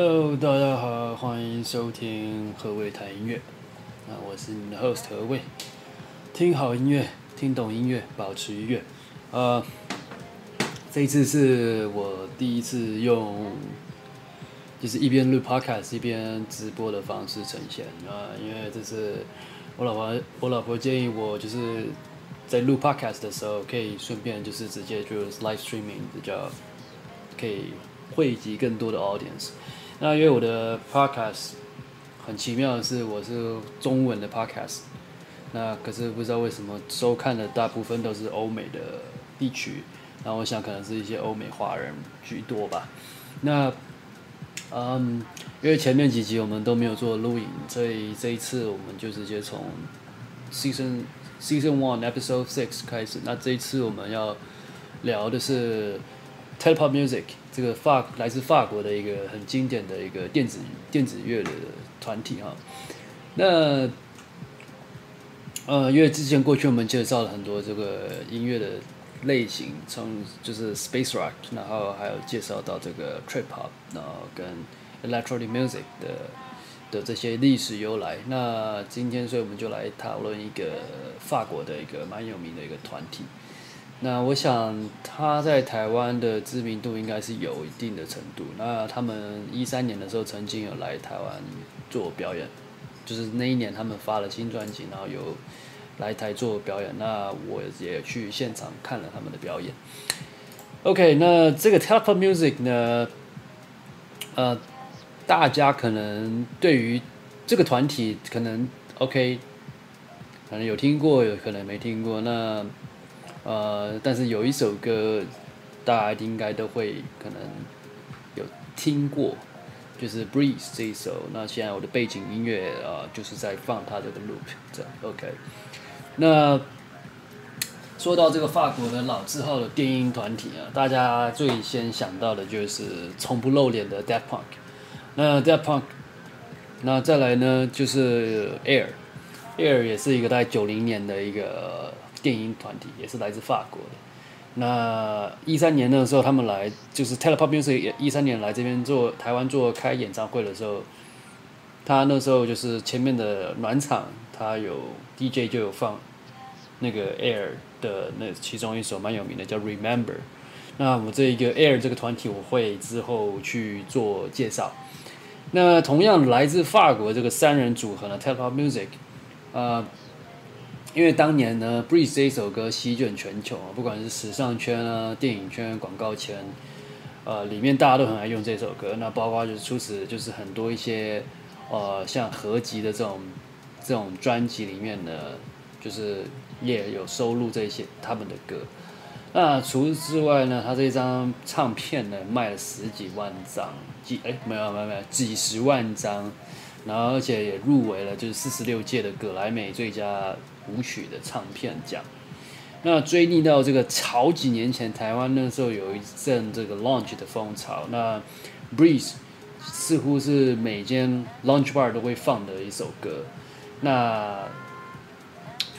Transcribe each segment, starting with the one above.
Hello，大家好，歡迎收聽何偉談音樂。啊、uh,，我是你的 host 何偉，聽好音樂，聽懂音樂，保持愉悅。呃、uh,，這一次是我第一次用，就是一邊錄 podcast 一邊直播的方式呈現。啊、uh,，因為這是我老婆，我老婆建議我，就是在錄 podcast 的時候可以順便就是直接就是 live streaming，比較可以匯集更多的 audience。那因為我的 podcast 很奇妙的是，我是中文的 podcast，那可是不知道為什麼收看的大部分都是歐美的地區，那我想可能是一些歐美華人居多吧。那嗯，因為前面幾集我們都沒有做錄影，所以這一次我們就直接從 season season one episode six 開始。那這一次我們要聊的是。Telepopmusik，這個法來自法國的一個很經典的一個電子電子樂的團體哈。那呃，因為之前過去我們介紹了很多這個音樂的類型，從就是 space rock，然後還有介紹到這個 trip hop，然後跟 electronic music 的的這些歷史由來。那今天，所以我們就來討論一個法國的一個蠻有名的一個團體。那我想他在台灣的知名度應該是有一定的程度。那他們一三年的時候曾經有來台灣做表演，就是那一年他們發了新專輯，然後有來台做表演。那我也去現場看了他們的表演。OK，那這個 Telepopmusik 呢？呃，大家可能對於這個團體可能 OK，可能有聽過，有可能沒聽過。那呃，但是有一首歌，大家應該都會可能有聽過，就是《Breathe》這一首。那現在我的背景音樂啊、呃，就是在放他這個 loop，這樣 OK。那說到這個法國的老字號的電音團體啊，大家最先想到的就是從不露臉的 Daft Punk。那 Daft Punk，那再來呢就是 Air，Air Air 也是一個在九零年的一個。電音團體也是來自法國的。那一三年的時候，他們來就是 Telepopmusik 也一三年來這邊做台灣做開演唱會的時候，他那時候就是前面的暖場，他有 DJ 就有放那個 Air 的，那其中一首蠻有名的叫 Remember，那我這一個 Air 這個團體我會之後去做介紹。那同樣來自法國這個三人組合的 Telepopmusik，呃。因為當年呢，《Breathe》這首歌席捲全球，不管是時尚圈啊、電影圈、廣告圈，呃，裡面大家都很愛用這首歌。那包括就是出此，就是很多一些，呃，像合集的這種這種專輯裡面呢，就是也有收錄這些他們的歌。那除此之外呢，他這一張唱片呢，賣了十幾萬張幾哎沒有沒有沒有幾十萬張，然後而且也入圍了，就是四十六屆的葛萊美最佳。舞曲的唱片獎，那追溯到這個好幾年前，台灣那時候有一陣這個 lounge 的風潮，那 Breathe 似乎是每間 lounge bar 都會放的一首歌，那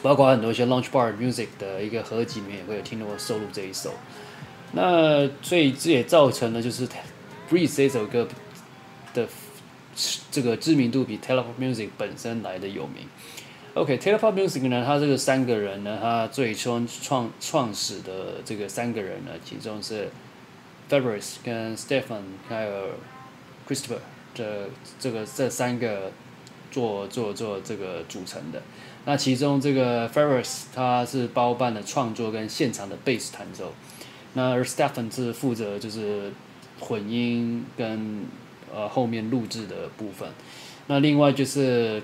包括很多一些 lounge bar music 的一個合集裡面也會有聽到過收錄這一首，那所以這也造成了就是 Breathe 這首歌的這個知名度比 Telepopmusik 本身來的有名。o k→OK、okay, Telepopmusik 呢？它這個三個人呢，它最初創創始的這個三個人呢，其中是 Fabrice、er、跟 Stephan 還有 Christopher 這這個、這個、這三個做做做這個組成的。那其中這個 Fabrice、er、他是包辦的創作跟現場的貝斯彈奏，那而 Stephan 是負責就是混音跟呃後面錄製的部分，那另外就是。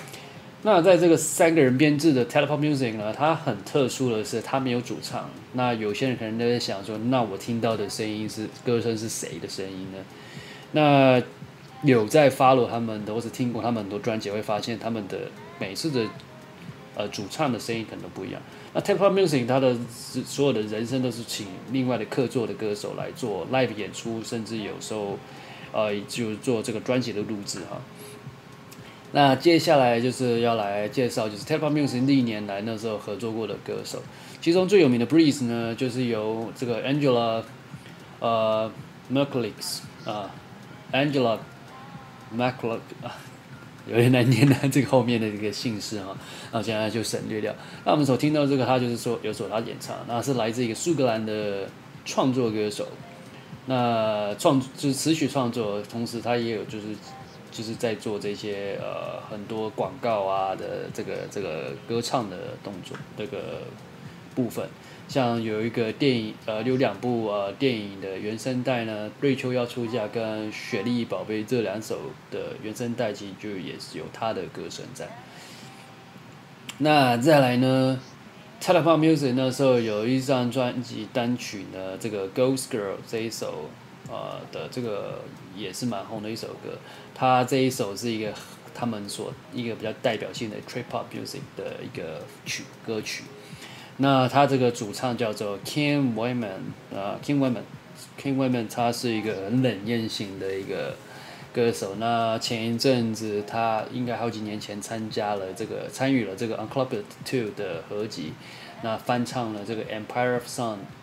那在這個三個人編制的 Telepopmusik 呢，它很特殊的是，它沒有主唱。那有些人可能都在想說，那我聽到的聲音是歌聲是誰的聲音呢？那有在 follow 他們的，或者聽過他們很多專輯，會發現他們的每次的呃主唱的聲音可能都不一樣。那 Telepopmusik 它的所有的人聲都是請另外的客座的歌手來做 live 演出，甚至有時候呃就做這個專輯的錄制哈。那接下來就是要來介紹，就是 Telepopmusik 歷年來那時候合作過的歌手，其中最有名的 Breathe 呢，就是由這個 Angela, 呃 McCluskey、啊、Angela，呃，McCluskey 啊，Angela，McCluskey 啊，有點難念的、啊、這個後面的這個姓氏哈，那、啊、現在就省略掉了。那我們所聽到這個，他就是說有所他演唱，那是來自一個蘇格蘭的創作歌手，那創就是詞曲創作，同時他也有就是。就是在做這些呃很多廣告啊的這個這個歌唱的動作這個部分，像有一個電影呃有兩部啊、呃、電影的原聲帶呢，瑞秋要出嫁跟雪莉寶貝這兩首的原聲帶，其實就也是有她的歌聲在。那再來呢 Telepopmusik 那時候有一張專輯單曲呢，這個 Ghost Girl 這一首。呃、啊、的這個也是蠻紅的一首歌，他這一首是一個他們所一個比較代表性的 trip hop music 的一個曲歌曲。那他這個主唱叫做 King Woman 啊，King Woman，King Woman，他是一個很冷豔型的一個歌手。那前一陣子他應該好幾年前參加了這個參與了這個 Unclubbed 2的合集，那翻唱了這個 Empire of Sun。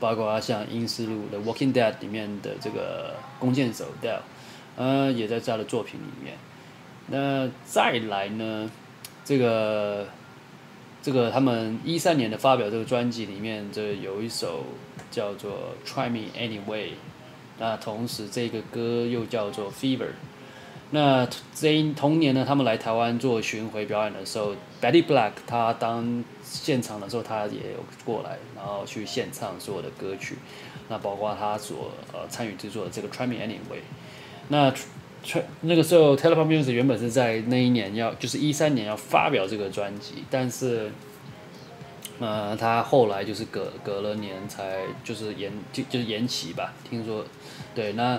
包括啊，像陰屍路的《Walking Dead》裡面的這個弓箭手 Daryl，呃，也在他的作品裡面。那再來呢，這個這個他們一三年的發表這個專輯裡面，這有一首叫做《Try Me Anyway》，那同時這個歌又叫做《Fever》。那這一同年呢，他們來台灣做巡迴表演的時候 Daddy Black 他當現場的時候，他也有過來，然後去現唱所有的歌曲，那包括他所呃參與制作的這個《Try Me Anyway》。那 Try, 那個時候 ，Telepopmusik 原本是在那一年要，就是一三年要發表這個專輯，但是嗯、呃，他後來就是隔隔了年才就是延就就是延期吧，聽說，對那。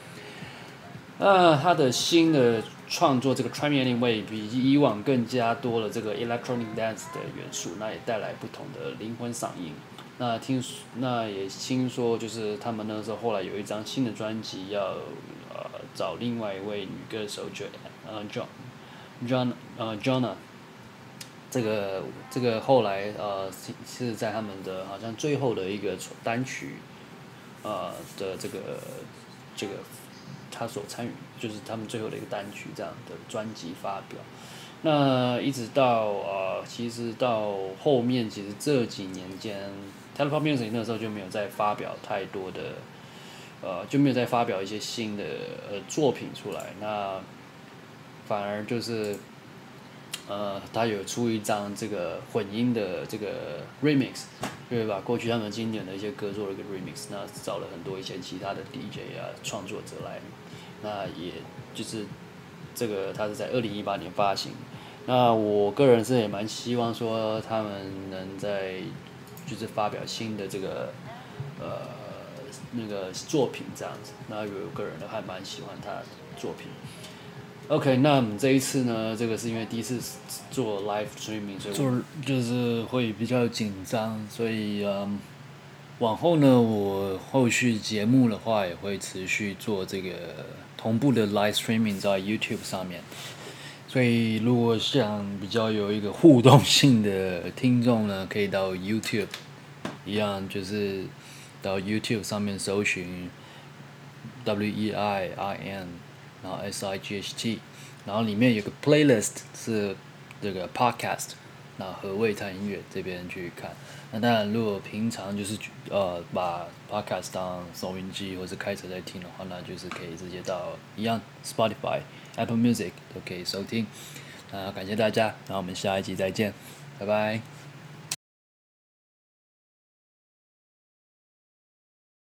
呃，他的新的創作這個《Try Me Anyway》比以往更加多了這個 electronic dance 的元素，那也帶來不同的靈魂嗓音。那聽，那也聽說就是他們那時候後來有一張新的專輯要呃找另外一位女歌手，就呃 John，John John, 呃 Jonah。這個這個後來呃是在他們的好像最後的一個單曲，呃的這個這個。他所參與就是他們最後的一個單曲這樣的專輯發表，那一直到呃，其實到後面其實這幾年間 Telepopmusik 那時候就沒有再發表太多的，呃、就沒有再發表一些新的呃作品出來，那反而就是呃，他有出一張這個混音的這個 Remix，就是把過去他們經典的一些歌做了一個 Remix，那找了很多一些其他的 DJ 啊創作者來。那也就是這個，它是在二零一八年發行。那我個人是也蠻希望說他們能在就是發表新的這個呃那個作品這樣子。那我個人都還蠻喜歡他的作品。OK，那麼這一次呢，這個是因為第一次做 live streaming，所以就是會比較緊張，所以嗯。Um, 往後呢，我後續節目的話也會持續做這個同步的 live streaming 在 YouTube 上面，所以如果想比較有一個互動性的聽眾呢，可以到 YouTube 一樣，就是到 YouTube 上面搜尋 W E I N，然後 S I G H T，然後裡面有個 playlist 是這個 podcast。那和味探音樂這邊去看。那當然，如果平常就是呃把 Podcast 當收音機或是開車在聽的話，那就是可以直接到一樣 Spotify、Apple Music 都可以收聽。那感謝大家，那我們下一集再見，拜拜。